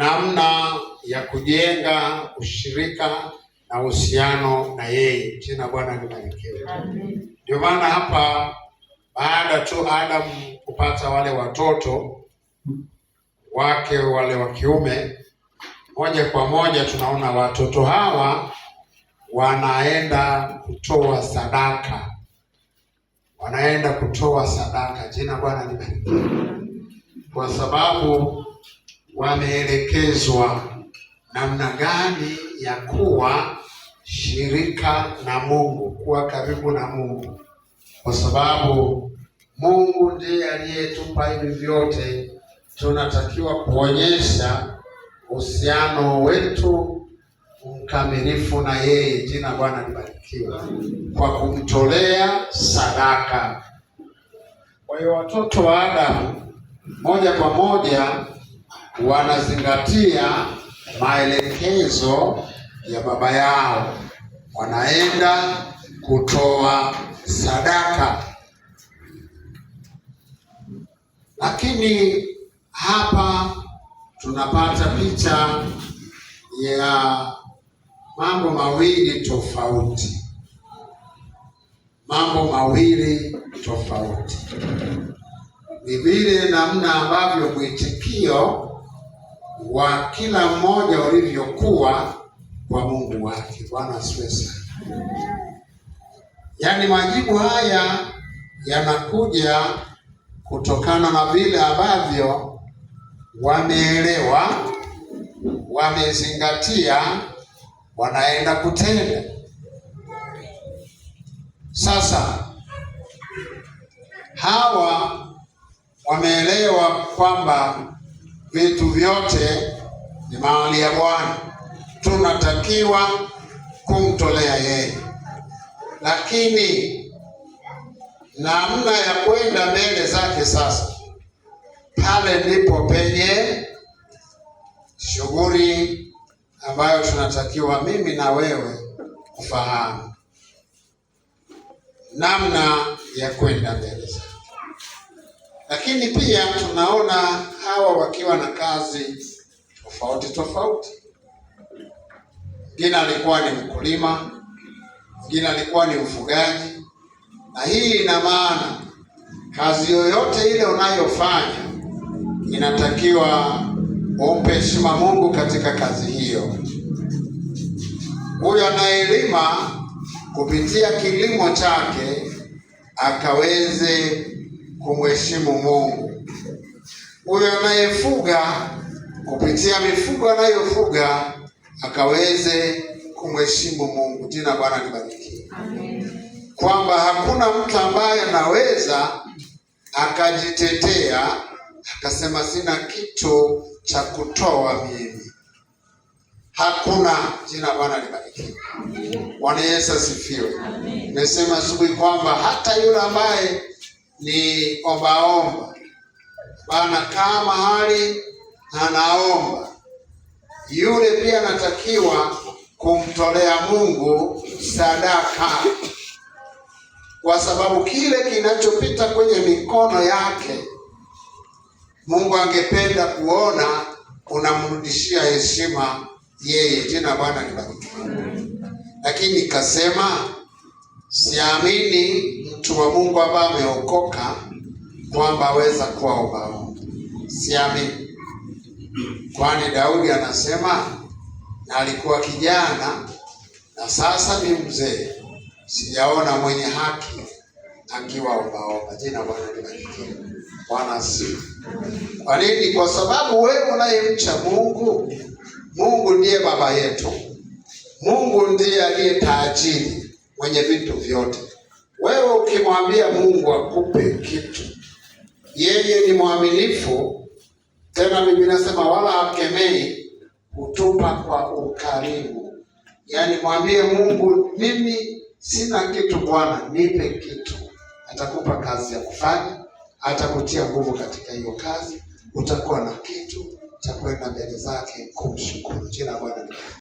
namna ya kujenga ushirika na uhusiano na yeye. Jina Bwana libarikiwe. Ndio maana hapa baada tu adam kupata wale watoto wake wale wa kiume, moja kwa moja tunaona watoto hawa wanaenda kutoa sadaka, wanaenda kutoa sadaka. Jina Bwana libarikiwe, kwa sababu wameelekezwa namna gani ya kuwa shirika na Mungu, kuwa karibu na Mungu, kwa sababu Mungu ndiye aliyetupa hivi vyote. Tunatakiwa kuonyesha uhusiano wetu mkamilifu na yeye. Jina Bwana libarikiwe, kwa kumtolea sadaka. Kwa hiyo watoto wa Adamu moja kwa moja wanazingatia maelekezo ya baba yao, wanaenda kutoa sadaka. Lakini hapa tunapata picha ya mambo mawili tofauti, mambo mawili tofauti ni vile namna ambavyo mwitikio wa kila mmoja ulivyokuwa kwa Mungu wake. Bwana asifiwe sana. Yaani majibu haya yanakuja kutokana na vile ambavyo wameelewa, wamezingatia, wanaenda kutenda. Sasa hawa wameelewa kwamba Vitu vyote ni mali ya Bwana, tunatakiwa kumtolea yeye, lakini namna ya kwenda mbele zake sasa, pale ndipo penye shughuli ambayo tunatakiwa mimi na wewe kufahamu namna ya kwenda mbele zake, lakini pia tunaona hawa wakiwa na kazi tofauti tofauti. Mwingine alikuwa ni mkulima, mwingine alikuwa ni mfugaji, na hii ina maana kazi yoyote ile unayofanya inatakiwa umpe heshima Mungu katika kazi hiyo. Huyo anayelima kupitia kilimo chake akaweze kumheshimu Mungu huyo anayefuga kupitia mifugo anayofuga akaweze kumheshimu Mungu. Jina Bwana libariki, kwamba hakuna mtu ambaye anaweza akajitetea akasema sina kitu cha kutoa mimi. Hakuna. Jina Bwana libariki. Bwana Yesu asifiwe. Nimesema asubuhi kwamba hata yule ambaye ni ombaomba anakaa mahali anaomba, yule pia anatakiwa kumtolea Mungu sadaka, kwa sababu kile kinachopita kwenye mikono yake Mungu angependa kuona unamrudishia heshima yeye. Jina Bwana libarikiwe. Lakini kasema siamini mtu wa Mungu ambaye ameokoka kwamba aweza kuwaomba siamini, kwani Daudi anasema na alikuwa kijana na sasa ni mzee, sijaona mwenye haki ubao. Jina Bwana libarikiwe. Bwana asifiwe. Kwa nini? Kwa sababu wewe unayemcha Mungu, Mungu ndiye baba yetu, Mungu ndiye aliye tajiri mwenye vitu vyote. Wewe ukimwambia Mungu akupe kitu yeye ni mwaminifu, tena mimi nasema wala akemei, hutupa kwa ukarimu. Yaani mwambie Mungu, mimi sina kitu, Bwana nipe kitu. Atakupa kazi ya kufanya, atakutia nguvu katika hiyo kazi, utakuwa na kitu cha kwenda mbele zake kumshukuru. Jina Bwana.